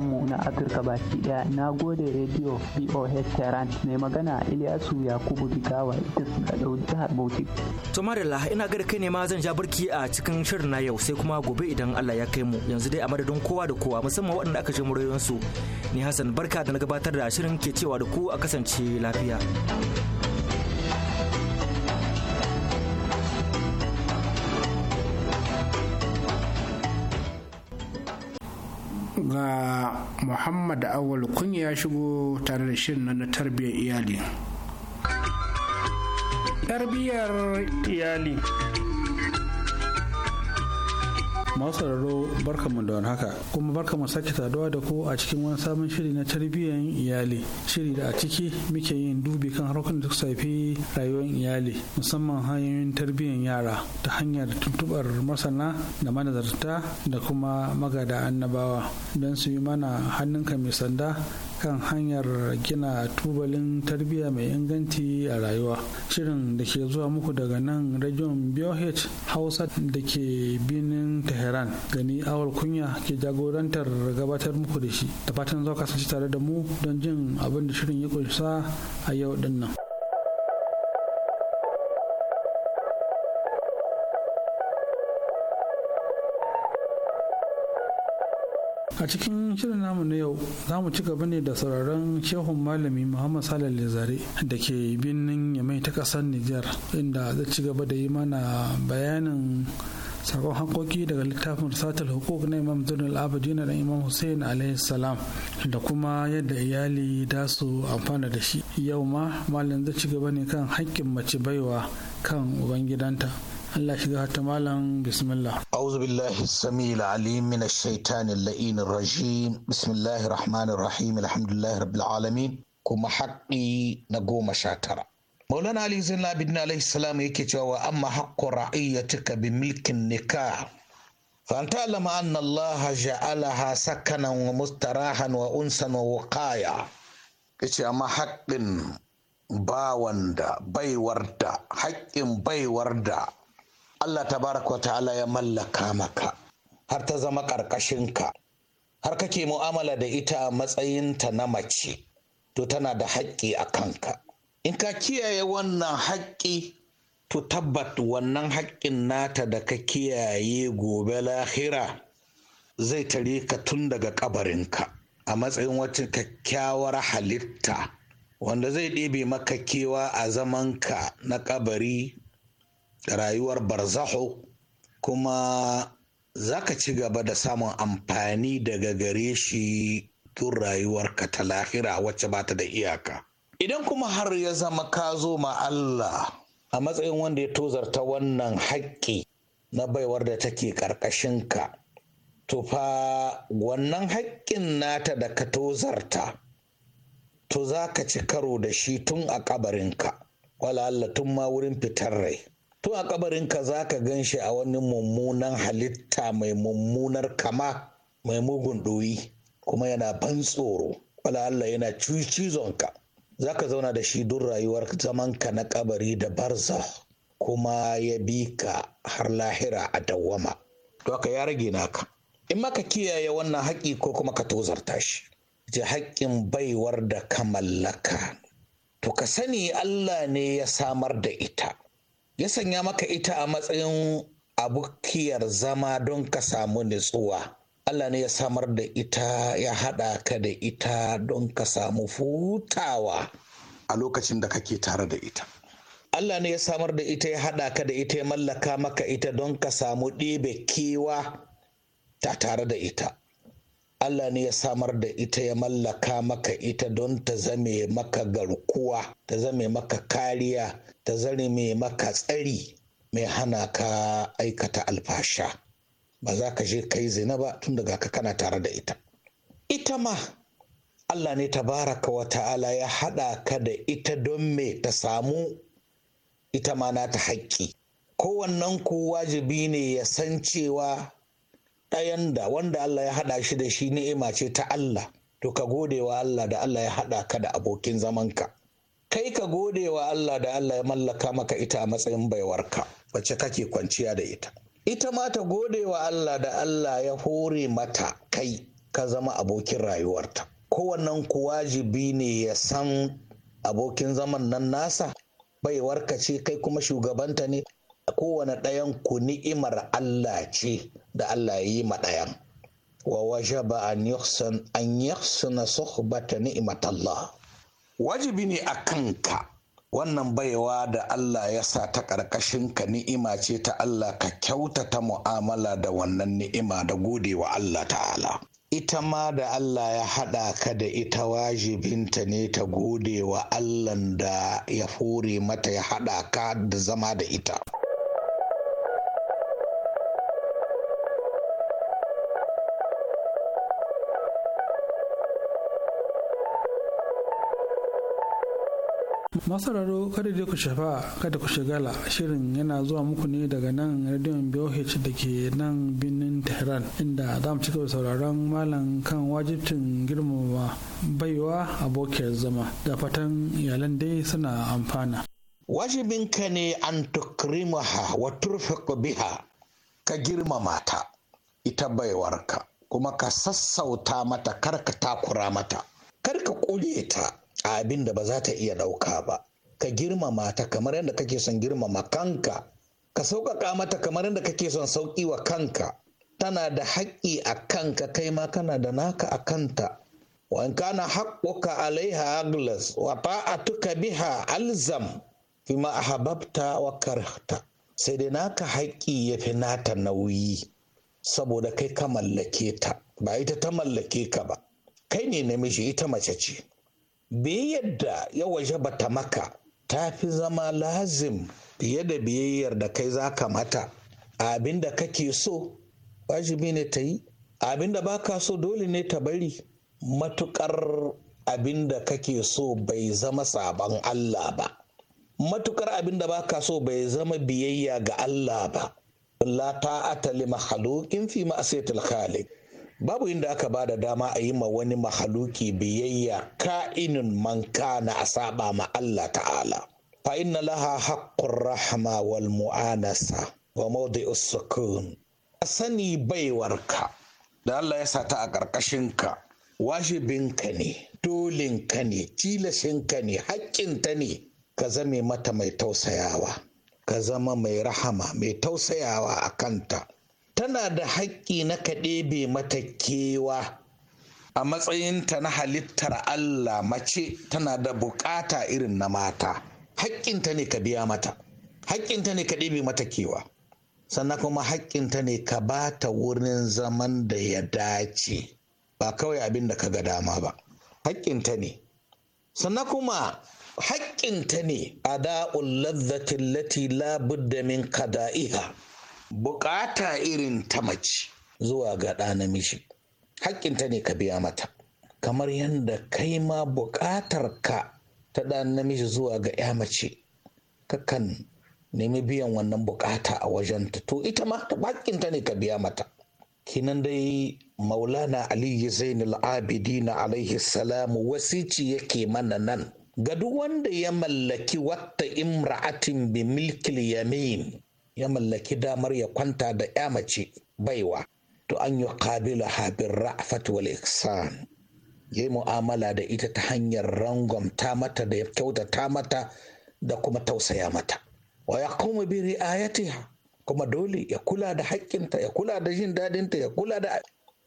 mu na Afirka baki ɗaya. Na gode rediyo BOH Tehran mai magana Ilyasu Yakubu Digawa ita su ga jihar Bauchi. To Marilla ina ga kai ne ma zan ja barki a cikin shirin na yau sai kuma gobe idan Allah ya kai mu yanzu dai a madadin kowa da kowa musamman waɗanda aka ji murayensu. Ni Hassan barka da na gabatar da shirin ke cewa da ku a kasance lafiya. lafiya ga muhammad awal kun ya shigo tare da shirin na tarbiyyar iyali tarbiyyar iyali masu barkamu da haka kuma barkamu sake saduwa da ku a cikin wani sabon shiri na tarbiyyar iyali shiri da a ciki muke yin dubi kan harkokin da suka shafi rayuwar iyali musamman hanyoyin tarbiyyar yara ta hanyar tuntubar masana da manazarta da kuma magada annabawa don su yi mana hannunka mai sanda kan hanyar gina tubalin tarbiyya mai inganci a rayuwa shirin da ke zuwa muku daga nan rajon BOH hausa da ke binin tehran gani awal kunya ke jagorantar gabatar muku da shi da fatan zau kasance tare da mu don jin abin da shirin ya kunsa a yau dinnan. a cikin shirin namu na yau za mu ci gaba ne da sauraron shehun malami muhammad salal lezare da ke birnin yamai ta kasar nijar inda zai ci gaba da yi mana bayanin sakon hankoki daga littafin satar hukuk na imam zunul abadi na imam hussein salam da kuma yadda iyali da su amfana da shi yau ma malam zai ci gaba ne kan haƙƙin mace baiwa kan ubangidanta الله شجاعه تمالاً بسم الله أعوذ بالله السميع العليم من الشيطان اللئين الرجيم بسم الله الرحمن الرحيم الحمد لله رب العالمين كما حقي نقوم شاترا مولانا علي زين العابدين عليه السلام يكتب وأما حق رعيتك بملك النكاح فأن تعلم أن الله جعلها سكنا ومستراحا وأنسا ووقايا يكتب أما حق باوندا بيوردا حق باوندا Allah ta tabaraka ta'ala ya mallaka maka har ta zama ƙarƙashinka har kake mu'amala da ita a matsayinta na mace to tana da haƙƙi a kanka in ka kiyaye wannan haƙƙi to tabbat wannan haƙƙin nata da ka kiyaye gobe lahira zai tare ka tun daga ƙabarinka a matsayin wacce kyakkyawar halitta wanda zai ɗebe maka kewa a zamanka na ƙabari rayuwar barzaho kuma za ka ci gaba da samun amfani daga gare shi tun rayuwarka ta lahira wacce ba ta da iyaka idan kuma har ya zama ka zo ma Allah a matsayin wanda ya tozarta wannan haƙƙi na baiwar da take ƙarƙashinka to fa wannan haƙƙin nata da ka tozarta to za ka ci karo da shi tun a ƙabarinka wala Allah tun ma wurin fitar rai tun a kabarinka za ka gan shi a wani mummunan halitta mai mummunar kama mai mugun ɗoyi kuma yana ban tsoro wala Allah yana cizonka za ka zauna da shi duk rayuwar zamanka na kabari da barza kuma ya bi ka har lahira a dawwama to haka ya rage naka in maka kiyaye wannan haƙi ko kuma ka tozarta shi ji haƙƙin baiwar da ka mallaka to ka sani Allah ne ya samar da ita ya sanya maka ita a matsayin abokiyar zama don ka samu nutsuwa Allah ne ya samar da ita ya haɗa ka da ita don ka samu futawa a lokacin da kake tare da ita Allah ne ya samar da ita ya haɗa ka da ita ya mallaka maka ita don ka samu ɗebe kewa ta tare da ita Allah ne ya samar da ita ya mallaka maka ita don ta zame maka garkuwa ta zame maka kariya ta zame maka tsari mai hana ka aikata alfasha ba za ka je ka yi zina ba tun daga ka kana tare da ita ita ma Allah ne tabaraka wa ta'ala ya haɗa ka da ita don me ta samu ita ma na ta haƙƙi kowannen ku wajibi ne ya san cewa ɗayan da wanda Allah ya haɗa shi da shi ni'ima ce ta Allah to ka gode wa Allah da Allah ya haɗa ka da abokin zamanka kai ka gode wa Allah da Allah ya mallaka maka ita a matsayin baiwarka wacce kake kwanciya da ita ita ma ta gode wa Allah da Allah ya hore mata kai ka zama abokin rayuwarta kowannen ku wajibi ne ya san abokin zaman nan nasa baiwarka ce kai kuma shugabanta ne kowane ɗayan ku ni'imar Allah ce da Allah ya yi ma ɗayan wa waje ba an yahsun an yahsuna suhbata ni'imat Allah wajibi ne a kanka wannan baiwa da Allah ya sa ta ƙarƙashin ka ni'ima ce ta Allah ka kyautata mu'amala da wannan ni'ima da gode wa Allah ta'ala ita ma da Allah ya haɗa ka da ita wajibinta ne ta gode wa allah da ya fure mata ya haɗa ka da zama da ita. masu raro kada dai ku shafa kada ku shigala shirin yana zuwa muku ne daga nan radiyon BOH da ke nan birnin Tehran inda za mu cika sauraron malam kan wajibcin girmama baiwa abokiyar zama da fatan iyalan dai suna amfana. Wajibinka ne an tukrimaha wa turfe biha ka girmama ta ita baiwarka kuma ka sassauta mata karka takura mata karka ƙure ta a abin da ba za ta iya ɗauka ba ka girmama ta kamar yadda kake son girmama kanka ka sauƙaƙa mata kamar yadda kake son sauƙi wa kanka tana da haƙƙi a kanka kai ma kana da naka a kanta wa in kana haƙƙuka alaiha aglas wa ta'atuka biha alzam fi ma hababta wa karhta sai dai naka haƙƙi ya fi nata nauyi saboda kai ka mallake ta ba ita ta mallake ka ba kai ne namiji ita mace ce biyayyar da ya waje ta maka ta fi zama lazim fiye da biyayyar da kai za ka mata abin da kake so wajibi ne ta yi abin da baka so dole ne ta bari matukar abin da kake so bai zama sabon Allah ba matukar abin da baka so bai zama biyayya ga Allah ba la ta'ata li makhluqin fi ma'siyatil khaliq babu inda aka ba da dama a yi ma wani mahaluki biyayya ka'inin manka na a saba ma Allah ta'ala fa inna laha haqqur rahma wal mu'anasa wa mawdi'us sukun sani baiwarka da Allah ya sata a ƙarƙashin ka wajibinka ne dolinka ne tilashinka ne haƙƙinta ne ka zame mata mai tausayawa ka zama mai rahama mai tausayawa a kanta tana da haƙƙi na ka ɗebe mata kewa a matsayinta na halittar Allah mace tana da buƙata irin na mata haƙƙinta ne ka biya mata haƙƙinta ne ka ɗebe mata kewa sannan kuma haƙƙinta ne ka ba ta wurin zaman da ya dace ba kawai abin da ka ga dama ba haƙƙinta ne sannan kuma haƙƙinta ne a da'ul lati la budda min kada'iha bukata irin ta mace zuwa ga ɗa namiji hakkinta ne ka biya mata kamar yadda kai ma buƙatar ka ta ɗa namiji zuwa ga ya mace kakan nemi biyan wannan bukata a wajenta to ita ma hakkinta ne ka biya mata kinan dai maulana aliyu zainul abidina alaihi salamu wasici yake mana nan ga duk wanda ya mallaki wata imra'atin bi milkil yamin ya mallaki damar ya kwanta da ya mace baiwa to an yi kabila habin ra'afat wal ihsan ya yi mu'amala da ita ta hanyar rangon ta mata da ya kyautata mata da kuma tausaya mata wa ya kuma bi ri'ayatiha kuma dole ya kula da haƙƙinta ya kula da jin dadinta ya kula da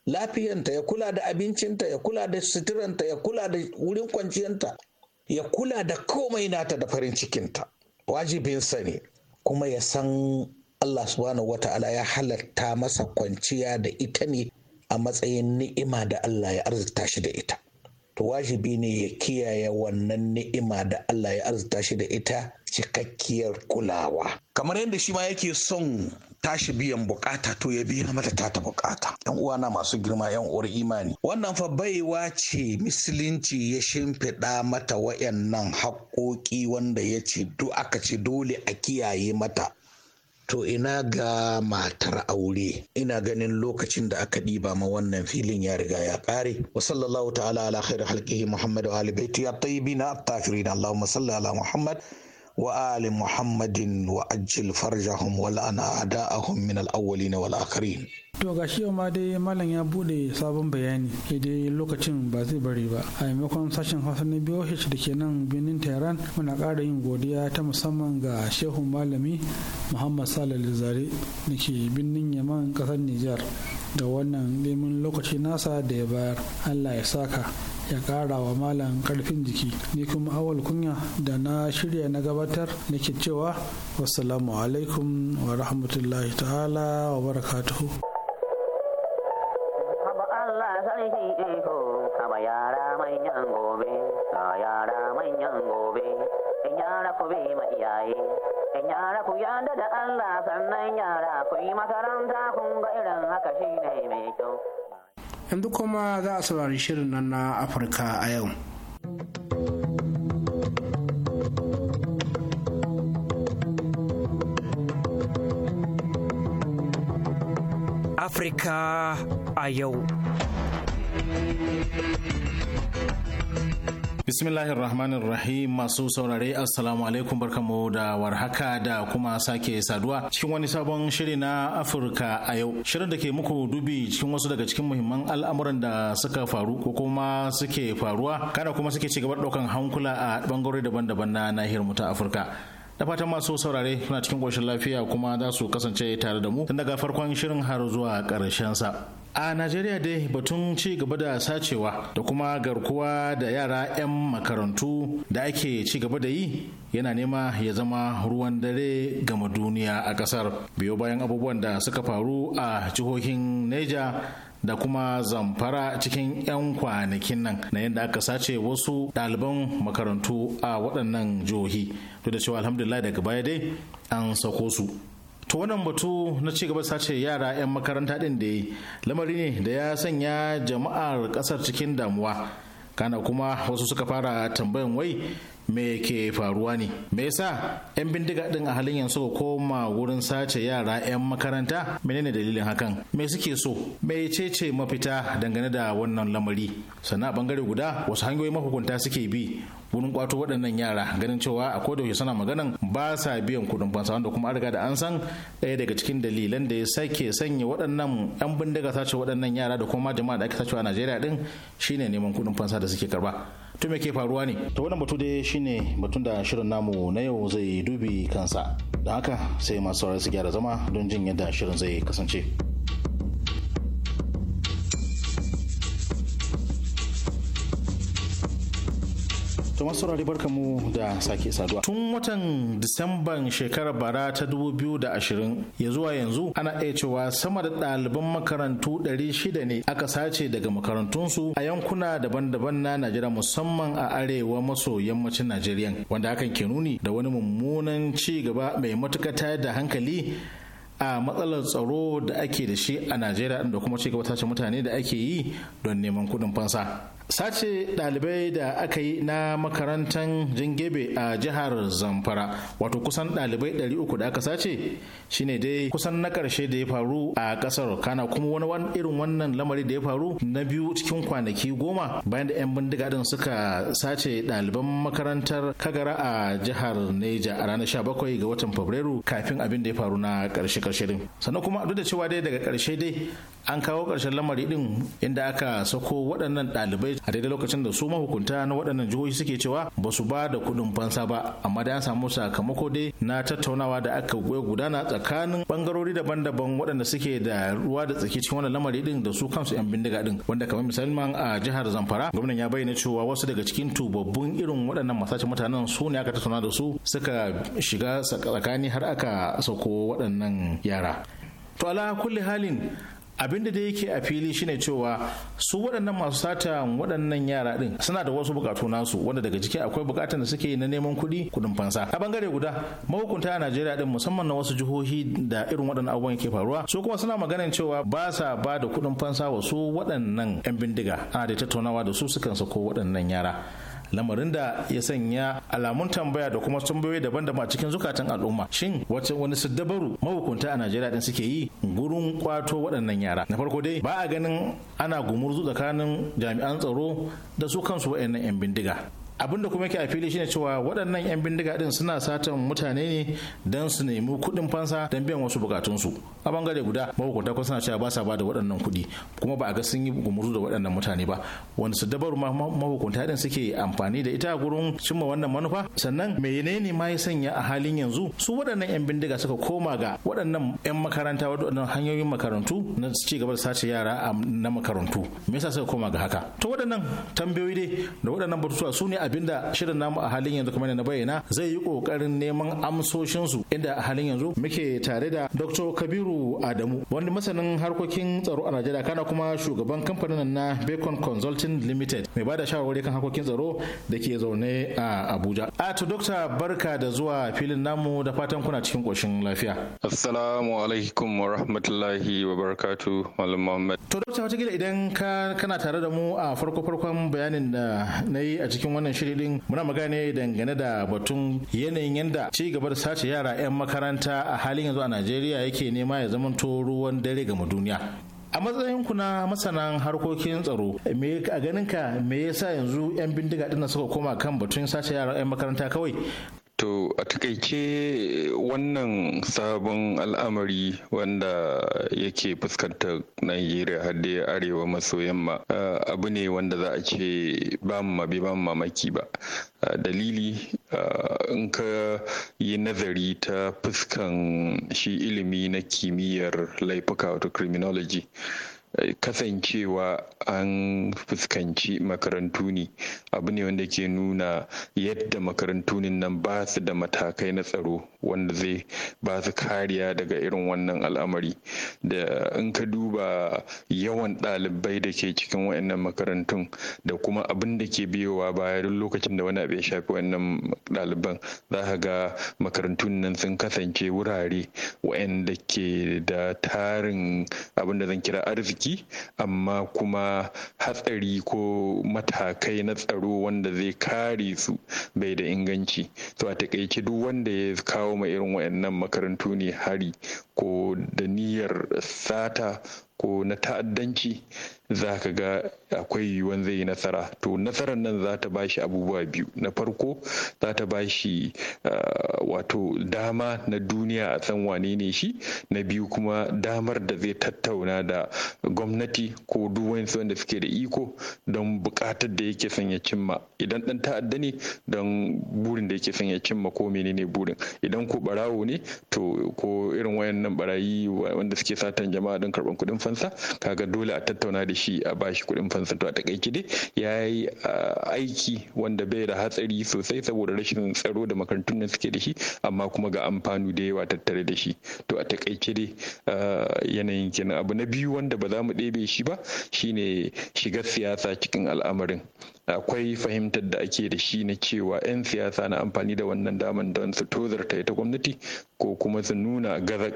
lafiyanta ya kula da abincinta ya kula da suturanta ya kula da wurin kwanciyanta ya kula da komai nata da farin cikinta sa ne kuma ya san Allah subhanahu wa ta'ala ya halatta masa kwanciya da ita ne a matsayin ni'ima da Allah ya arzuta shi da ita. To wajibi ne ya kiyaye wannan ni'ima da Allah ya arzuta shi da ita cikakkiyar kulawa. Kamar yadda shi ma yake son tashi biyan bukata to ya biya mata ta ta bukata yan uwana masu girma yan uwar imani wannan fa baiwa ce musulunci ya shimfiɗa mata wayannan haƙoƙi wanda ya ce duk aka ce dole a kiyaye mata To ina ga matar aure, ina ganin lokacin da aka ɗiba ma wannan filin ya riga ya ƙare. Wa sallallahu ta'ala ala khairu halqihi Muhammadu wa ali baiti at-tayyibin at-tafirin. Allahumma Muhammad وآل محمد وأجل فرجهم ولأن أعداءهم من الأولين والآخرين to ga shi yau ma dai malam ya bude sabon bayani idan lokacin ba zai bari ba a maimakon sashen hausa na biyo da ke nan birnin tehran muna ƙara yin godiya ta musamman ga shehun malami muhammad salal zare da ke birnin yaman ƙasar nijar da wannan neman lokaci nasa da ya bayar allah ya saka ya ƙara wa malam ƙarfin jiki ni kuma awal kunya da na shirya na gabatar nake cewa wassalamu alaikum wa rahmatullahi ta'ala wa barakatuhu yara ku yada da Allah sannan yara ku yi makaranta kun ga irin haka shine mai kyau yanzu kuma za a saurari shirin nan na afirka a yau afirka a yau Bismillahir Rahmanir Rahim masu saurare Assalamu alaikum barkamu da warhaka da kuma sake saduwa cikin wani sabon shiri na Afirka a yau. Shirin da ke muku dubi cikin wasu daga cikin muhimman al'amuran da suka faru ko kuma suke faruwa kana kuma suke ci gaba daukan hankula a bangarori daban-daban na nahiyar mu ta Afirka. da fatan masu saurare suna cikin ƙoshin lafiya kuma za su kasance tare da mu tun daga farkon shirin har zuwa ƙarshensa sa. a najeriya dai batun ci gaba da sacewa da kuma garkuwa da yara 'yan makarantu da ake ci gaba da yi yana nema ya zama ruwan dare gama duniya a kasar biyo bayan abubuwan da suka faru a jihohin neja da kuma zamfara cikin 'yan kwanakin nan na yadda aka sace wasu ɗaliban makarantu a waɗannan jihohi duk da cewa alhamdulillah daga baya dai an sako su to wannan batu na cigaba sace yara 'yan makaranta din da ya lamari ne da ya sanya jama'ar kasar cikin damuwa kana kuma wasu suka fara tambayan wai me ke faruwa ne me yasa yan bindiga din a halin yanzu ka koma wurin sace yara yan makaranta menene dalilin hakan me suke so me ce mafita dangane da wannan lamari sannan a bangare guda wasu hanyoyi mahukunta suke bi wurin kwato waɗannan yara ganin cewa a koda yaushe suna maganan ba sa biyan kuɗin fansa wanda kuma arga da an san ɗaya daga cikin dalilan da ya sake sanya waɗannan yan bindiga sace waɗannan yara da kuma jama'a da aka sacewa a Najeriya din shine neman kuɗin fansa da suke karba to me ke faruwa ne to wannan batu dai shine batun da shirin namu na yau zai dubi kansa don haka sai masu saurari su gyara zama don jin yadda shirin zai kasance To saurari barka mu da sake saduwa. Tun watan Disamban shekarar bara ta 2020 ya zuwa yanzu ana iya cewa sama da ɗaliban makarantu 600 ne aka sace daga makarantunsu a yankuna daban-daban na Najeriya musamman a arewa maso yammacin Najeriya wanda hakan ke nuni da wani mummunan ci gaba mai matuƙa tayar da hankali a matsalar tsaro da ake da shi a najeriya da kuma ci gaba tace mutane da ake yi don neman kudin fansa sace ɗalibai da aka yi na makarantar jingebe a jihar zamfara wato kusan ɗalibai 300 da aka sace shine dai kusan na karshe da ya faru a kasar kana kuma wani irin wannan lamari da ya faru na biyu cikin kwanaki goma bayan da 'yan bindiga din suka sace ɗaliban makarantar kagara a jihar neja a ranar 17 ga watan fabrairu kafin abin da ya faru na ƙarshe-ƙarshe din sannan kuma duk da cewa dai daga karshe dai an kawo ƙarshen lamari din inda aka sako waɗannan ɗalibai a daidai lokacin da su mahukunta na waɗannan jihohi suke cewa ba su ba da kuɗin fansa ba amma da an samu sakamako dai na tattaunawa da aka goya gudana tsakanin bangarori daban-daban waɗanda suke da ruwa da tsaki cikin wannan lamari din da su kansu 'yan bindiga din wanda kamar musamman a jihar zamfara gwamnan ya bayyana cewa wasu daga cikin tubabbun irin waɗannan masashi mutanen su ne aka tattauna da su suka shiga tsakani har aka sauko waɗannan yara to ala kulli halin Abin da yake a fili shine cewa su waɗannan masu sata waɗannan yara din suna da wasu bukatu nasu wanda daga ciki akwai bukatan da suke na neman kuɗi kuɗin fansa a bangare guda mahukunta a Najeriya ɗin musamman na wasu jihohi da irin waɗannan abubuwan ke faruwa su kuma suna maganin cewa ba sa ba da kuɗin fansa wasu su waɗannan 'yan bindiga ana da tattaunawa da su sukan sako waɗannan yara lamarin da ya sanya alamun tambaya da kuma tambayoyi daban-daban cikin zukatan al'umma shin wacce wani siddabaru mahukunta a najeriya din suke yi gurin kwato waɗannan yara na farko dai ba a ganin ana gumurzu tsakanin jami'an tsaro da su kansu waɗannan 'yan bindiga abin da kuma yake a fili shine cewa waɗannan 'yan bindiga din suna satan mutane ne don su nemi kuɗin fansa don biyan wasu bukatunsu a bangare guda mahukunta kuma suna cewa ba sa ba da waɗannan kuɗi kuma ba a ga sun yi gumuru da waɗannan mutane ba wanda su dabaru ma mahukunta din suke amfani da ita gurin cimma wannan manufa sannan menene ma ya sanya a halin yanzu su waɗannan 'yan bindiga suka koma ga waɗannan 'yan makaranta waɗannan hanyoyin makarantu na ci gaba da sace yara na makarantu me yasa suka koma ga haka to waɗannan tambayoyi dai da waɗannan batutuwa su ne a da shirin namu a halin yanzu kuma na bayyana zai yi kokarin neman amsoshinsu inda a halin yanzu muke tare da dr kabiru adamu wani masanin harkokin tsaro a najeriya kana kuma shugaban kamfanin na bacon consulting limited mai bada shawarwari kan harkokin tsaro da ke zaune a abuja a to dokta barka da zuwa filin namu da fatan kuna cikin koshin lafiya assalamu alaikum wa rahmatullahi wa barakatu malam muhammad to dokta wata idan ka kana tare da mu a farko farkon bayanin da na yi a cikin wannan wannan din muna magana ne dangane da batun yanayin yadda ci gaba da sace yara 'yan makaranta a halin yanzu a Najeriya yake nema ya zamanto ruwan dare ga duniya. a matsayin ku na masanan harkokin tsaro a ganinka me yasa yanzu yan bindiga dinnan suka koma kan batun sace yara yan makaranta kawai To a takaice wannan sabon al'amari wanda yake fuskantar Najeriya har dai arewa maso yamma abu ne wanda za a ce ba mu mabe ba mu mamaki ba. Dalili in ka yi nazari ta fuskan shi ilimi na kimiyyar laifuka wato criminology. kasancewa an fuskanci makarantu ne abu ne wanda ke nuna yadda makarantu nan ba su da matakai na tsaro wanda zai ba su kariya daga irin wannan al'amari da in ka duba yawan ɗalibai da ke cikin wa'annan makarantun da kuma abin da ke biyowa baya duk lokacin da wani abu ya shafi wannan ɗaliban za ka ga makarantu nan sun kasance wurare wa'anda ke da tarin abin da zan kira arziki ciki amma kuma hatsari ko matakai na tsaro wanda zai kare su bai da inganci to a takaice duk wanda ya kawo ma irin waɗannan makarantu ne hari ko da niyyar sata ko na ta'addanci za ka ga akwai yiwuwan zai yi nasara to nasarar nan za ta bashi abubuwa biyu na farko za ta bashi ah, wato dama na duniya a san wane ne shi na biyu kuma damar da zai tattauna da gwamnati ko duk wasu wanda suke da iko don bukatar da yake son ya cimma idan ɗan ta'adda ne don burin da yake son ya cimma ko menene burin idan ko barawo ne to ko irin wayannan barayi wanda suke satan jama'a don karɓan kuɗin fansa kaga dole a tattauna da shi shi a bashi kuɗin fansa to a takaice dai ya yi aiki wanda bai da hatsari sosai saboda rashin tsaro da makarantun nan suke da shi amma kuma ga amfani da yawa tattare da shi to a takaice dai yanayin kenan abu na biyu wanda ba za mu ɗebe shi ba shine shigar siyasa cikin al'amarin akwai fahimtar da ake da shi na cewa 'yan siyasa na amfani da wannan daman don su tozarta ita gwamnati ko kuma su nuna gaza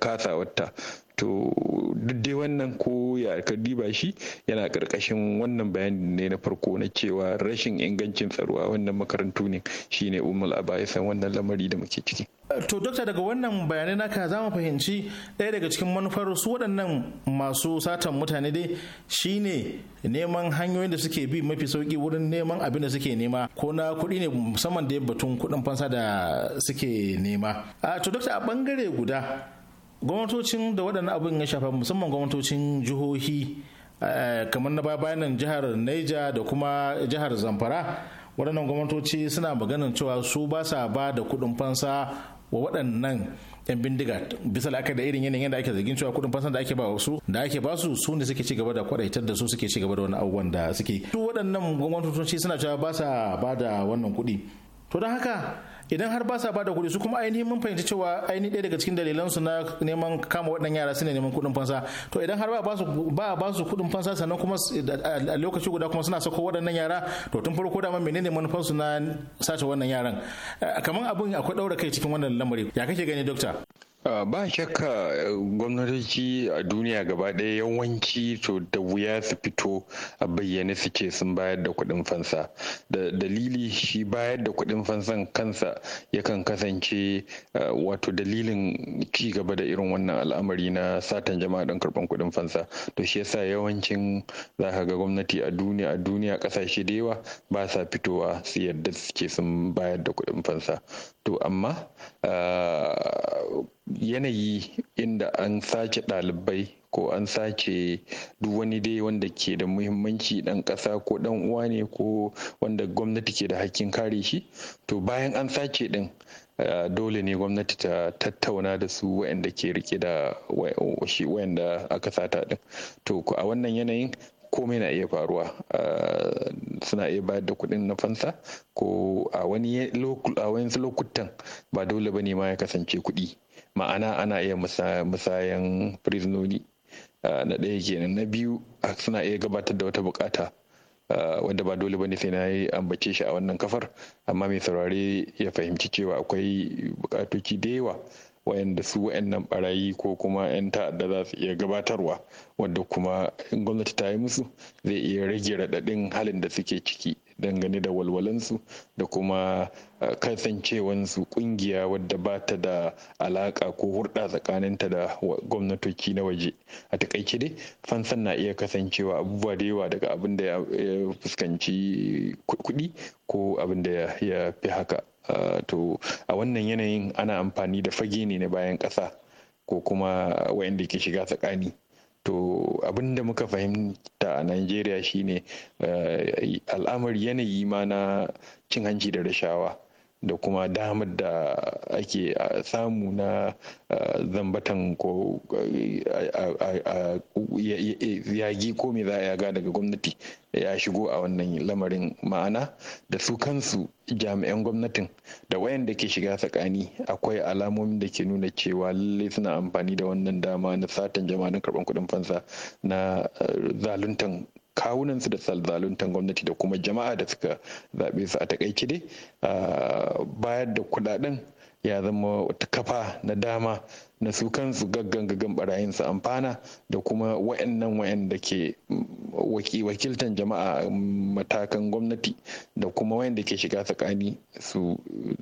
kasawarta to duk dai wannan ko ya ka diba shi yana karkashin wannan bayani ne na farko na cewa rashin ingancin tsaro a wannan makarantu ne shine umul abaisan wannan lamari da muke ciki To dokta daga wannan bayanai naka za mu fahimci ɗaya daga cikin manufar su waɗannan masu satan mutane dai shine neman hanyoyin da suke bi mafi sauki wurin neman abin da suke nema ko na kuɗi ne musamman da batun kuɗin fansa da suke nema. A to dokta a bangare guda gwamnatocin da waɗannan abin ya shafa musamman gwamnatocin jihohi eh, kamar na bayanan jihar Niger da kuma jihar Zamfara waɗannan gwamnatoci suna maganin cewa su ba sa ba da kuɗin fansa wa waɗannan yan bindiga bisa la'akari da irin yanayin da ake zargin cewa kudin fasan da ake ba wasu da ake ba su su ne suke cigaba da kwaɗaitar da su suke cigaba da wani abubuwan da suke su waɗannan gwamnatoci suna cewa ba sa ba da wannan kuɗi to don haka idan har ba sa ba kuɗi su kuma ainihin mun fahimci cewa ainihin ɗaya daga cikin dalilan su na neman kama waɗannan yara suna neman kuɗin fansa to idan har ba su ba ba su kuɗin fansa sannan kuma a lokaci guda kuma suna sako waɗannan yara to tun farko da man menene manufar su na sace wannan yaran kamar abun akwai ɗaura kai cikin wannan lamari ya kake gani dokta Ah, ba shakka eh, gwamnatoci a duniya gaba ɗaya yawanci to da wuya su fito a bayyane su ce sun bayar da kuɗin fansa da dalili shi bayar da kuɗin fansan kansa yakan kasance eh, wato dalilin ci gaba da irin wannan al'amari na satan jama'a don karɓan kuɗin fansa to shi yasa yawancin za ka ga gwamnati a duniya a duniya ƙasashe da yawa ba sa fitowa su yarda su sun bayar da kuɗin fansa to amma eh, yanayi inda an sace ɗalibai ko an sace duk wani dai wanda ke da muhimmanci ɗan ƙasa ko ɗan uwa ne ko wanda gwamnati ke da hakkin kare shi to bayan an sace ɗin eh, dole ne gwamnati ta tattauna da su waɗanda ke rike da wayanda aka sata ɗin to a wannan yanayin komai na iya faruwa ah, suna iya bayar da kuɗin na fansa ko a wani lokutan ba dole ba ne ma ya kasance kuɗi ma'ana ana iya musayan prisonoli ah, na ɗaya kenan na biyu suna iya gabatar da wata bukata ah, wanda ba dole ba ne sai na yi ambace shi a wannan kafar amma mai saurare ya fahimci cewa akwai bukatoci da yawa wayanda su wayannan barayi ko kuma 'yan ta'adda za su iya gabatarwa wadda kuma in gwamnati ta yi musu zai iya rage raɗaɗin halin da suke ciki dangane da walwalansu da kuma kasancewansu ƙungiya wadda ba ta da alaka ko hurɗa tsakaninta da gwamnatoci na waje a takaice dai fansan na iya kasancewa abubuwa da yawa daga abin da ya fuskanci kuɗi ko abin da ya fi haka Eh, to a wannan yanayin ana amfani da fage ne na bayan ƙasa ko kuma wayanda ke shiga tsakani to abinda muka fahimta a najeriya shine eh, al'amar yanayi ma na cin hanci da rashawa da kuma damar da ake samu na zambatan ko yagi ko me za a yaga daga gwamnati ya shigo a wannan lamarin ma'ana da su kansu jami'an gwamnatin da wayanda ke shiga tsakani akwai alamomin da ke nuna cewa lallai suna amfani da wannan dama na satan jama'a na karban kuɗin fansa na zaluntan kawunansu da zaluntan gwamnati da kuma jama'a da suka zaɓe su a takaice dai ah, bayar da kuɗaɗen ya zama wata kafa na dama na su kansu gaggan gaggan barayin su amfana da kuma wa'annan wa'anda ke mm, wakiltan jama'a matakan gwamnati da kuma wa'anda ke shiga tsakani su mm,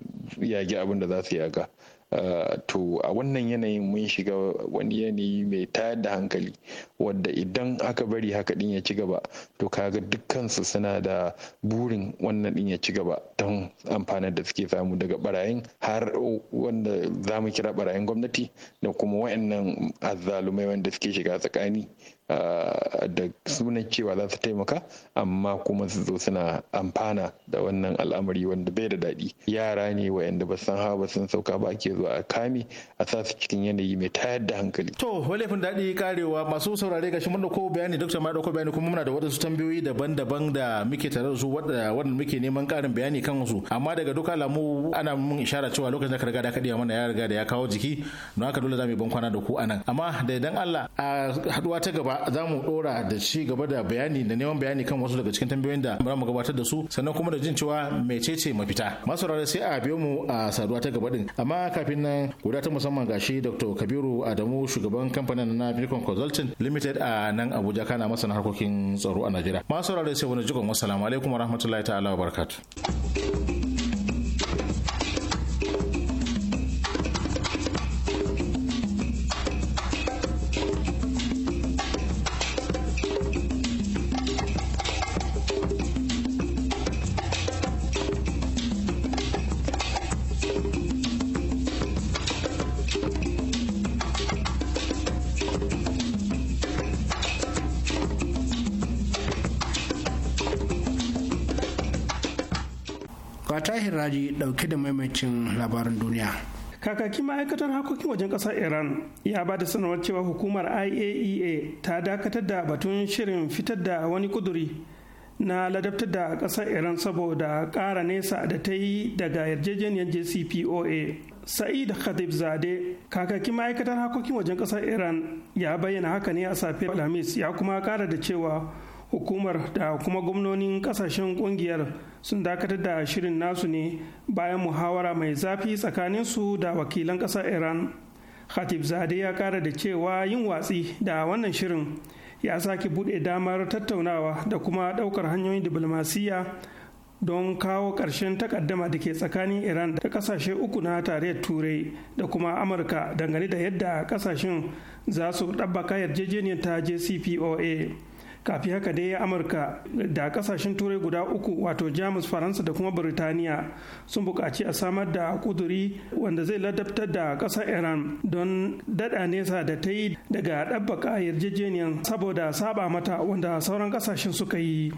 yage abin da za su yaga Eh, to a wannan yanayin mun shiga wani yanayi mai tayar da hankali wadda idan aka bari haka din ya ci gaba to kaga dukkansu suna da burin wannan din ya ci gaba don amfanar da suke samu daga barayin har wanda za mu kira barayin gwamnati da kuma wayannan azzalumai wanda suke shiga tsakani da sunan cewa za su taimaka amma kuma su zo suna amfana da wannan al'amari wanda bai da daɗi yara ne wayanda ba san hawa ba sun sauka ba ke zuwa a kame a sa su cikin yanayi mai tayar da hankali to laifin daɗi karewa masu saurare ga shi mun dauko bayani dokta ma dauko bayani kuma muna da wadansu tambayoyi daban-daban da muke tare da su muke neman karin bayani kan su amma daga duka alamu ana mun ishara cewa lokacin da ka riga da ka mana ya riga da ya kawo jiki don haka dole za mu yi bankwana da ku anan amma da idan Allah a haduwa ta gaba za mu dora da ci gaba da bayani da neman bayani kan wasu daga cikin tambayoyin da za mu gabatar da su sannan kuma da jin cewa mai mecece mafita masu rarra sai a biyo mu a saduwa ta gaba din amma kafin nan guda ta musamman gashi dr kabiru adamu shugaban kamfanin na milcon consulting limited a nan abuja kana masana harkokin tsaro a najeriya masu rarra sai wani jikon wasu alaikum rahmatullahi ta'ala barakatuh tahir raji dauke da maimacin labaran duniya kakakin ma'aikatar harkokin wajen ƙasar iran ya ba da sanarwar cewa hukumar iaea e ta dakatar da batun shirin fitar da wani kuduri na ladabtar da ƙasar iran saboda kara nesa da ta yi daga yarjejeniyar jcpoa sa'id khatib zade kakakin ma'aikatar harkokin wajen ƙasar iran ya bayyana haka ne a safe alhamis ya kuma kara da cewa hukumar da kuma gwamnonin ƙasashen ƙungiyar. sun dakatar da shirin nasu ne bayan muhawara mai zafi tsakaninsu da wakilan ƙasar iran khatib zade ya kara da cewa yin watsi da wannan shirin ya sake buɗe damar tattaunawa da kuma ɗaukar hanyoyin diplomasiyya don kawo ƙarshen takaddama da ke tsakanin iran da ƙasashe uku na tarayyar turai da kuma amurka dangane da yadda ƙasashen za su ɗabbaka yarjejeniyar ta jcpoa kafin haka dai amurka da kasashen turai guda uku wato jamus faransa da kuma birtaniya sun buƙaci a samar da kuduri wanda zai ladabtar da ƙasar iran don dada nesa da ta yi daga ɗabbaka yarjejeniyar saboda saba mata wanda sauran kasashen suka yi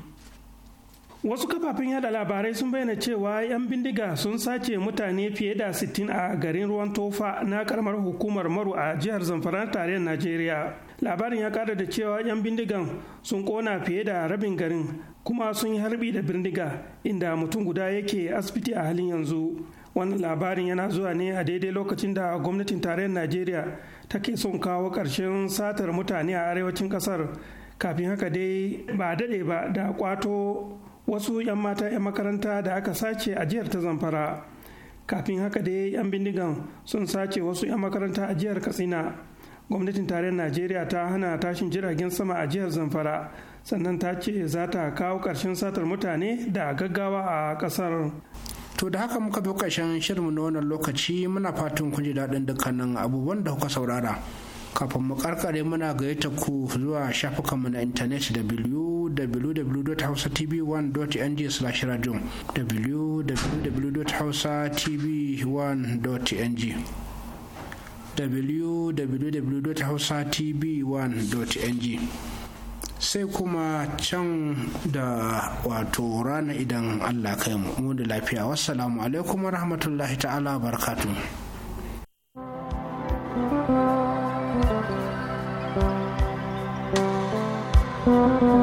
wasu kafafen yada labarai sun bayyana cewa 'yan bindiga sun sace mutane fiye da 60 a garin ruwan tofa na karamar hukumar maru a jihar zamfara tarayyar najeriya labarin ya kara da cewa 'yan bindigan sun kona fiye da rabin garin kuma sun yi harbi da bindiga inda mutum guda yake asibiti a halin yanzu wannan labarin yana zuwa ne a daidai lokacin da gwamnatin tarayyar najeriya take son kawo ƙarshen satar mutane a arewacin ƙasar kafin haka dai ba daɗe ba da kwato wasu 'yan mata 'yan makaranta da aka sace a jihar ta zamfara kafin haka dai 'yan bindigan sun sace wasu 'yan makaranta a jihar katsina gwamnatin tarayyar najeriya ta hana tashin jiragen sama a jihar zamfara sannan ta ce za ta kawo ƙarshen satar mutane da gaggawa a ƙasar to da haka muka bi ƙarshen shirinmu na wannan lokaci muna fatan kun ji daɗin dukkanin abubuwan da kuka saurara kafin mu karkare muna gayyata ku zuwa shafukanmu na intanet www.hausatv1.ng/radio www.hausatv1.ng www.hausatv1.ng sai kuma can da wato rana idan allah kai mu da lafiya wassalamu alaikum rahmatullahi ta'ala barkatu thank you